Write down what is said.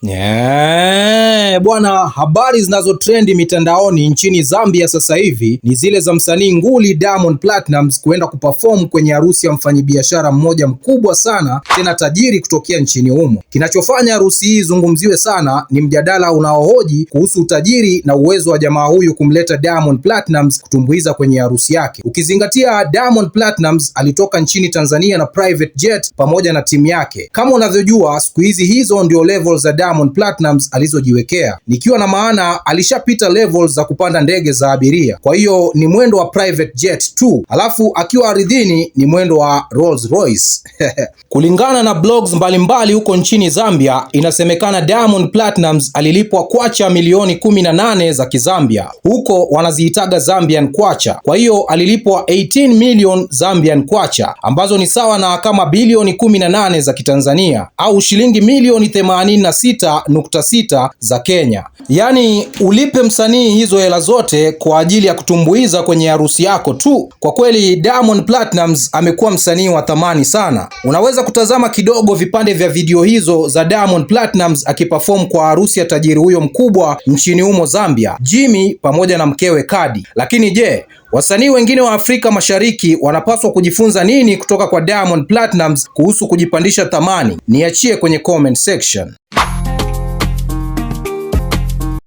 耶！bwana, habari zinazotrendi mitandaoni nchini Zambia sasa hivi ni zile za msanii nguli Diamond Platnumz kuenda kuperform kwenye harusi ya mfanyibiashara mmoja mkubwa sana tena tajiri kutokea nchini humo. Kinachofanya harusi hii zungumziwe sana ni mjadala unaohoji kuhusu utajiri na uwezo wa jamaa huyu kumleta Diamond Platnumz kutumbuiza kwenye harusi yake, ukizingatia Diamond Platnumz alitoka nchini Tanzania na private jet pamoja na timu yake. Kama unavyojua, siku hizi hizo ndio level za Diamond Platnumz alizojiwekea kuendelea, nikiwa na maana alishapita level za kupanda ndege za abiria, kwa hiyo ni mwendo wa private jet tu, alafu akiwa ardhini ni mwendo wa Rolls Royce. Kulingana na blogs mbalimbali huko mbali nchini Zambia, inasemekana Diamond Platnumz alilipwa kwacha milioni kumi na nane za Kizambia, huko wanaziitaga Zambian kwacha. Kwa hiyo alilipwa 18 million Zambian kwacha ambazo ni sawa na kama bilioni 18 za Kitanzania au shilingi milioni 86.6 za Kenya. Kenya. Yaani ulipe msanii hizo hela zote kwa ajili ya kutumbuiza kwenye harusi yako tu. Kwa kweli Diamond Platnumz amekuwa msanii wa thamani sana. Unaweza kutazama kidogo vipande vya video hizo za Diamond Platnumz akiperform kwa harusi ya tajiri huyo mkubwa nchini humo Zambia, Jimmy pamoja na mkewe Kadi. Lakini je, wasanii wengine wa Afrika Mashariki wanapaswa kujifunza nini kutoka kwa Diamond Platnumz kuhusu kujipandisha thamani? Niachie kwenye comment section.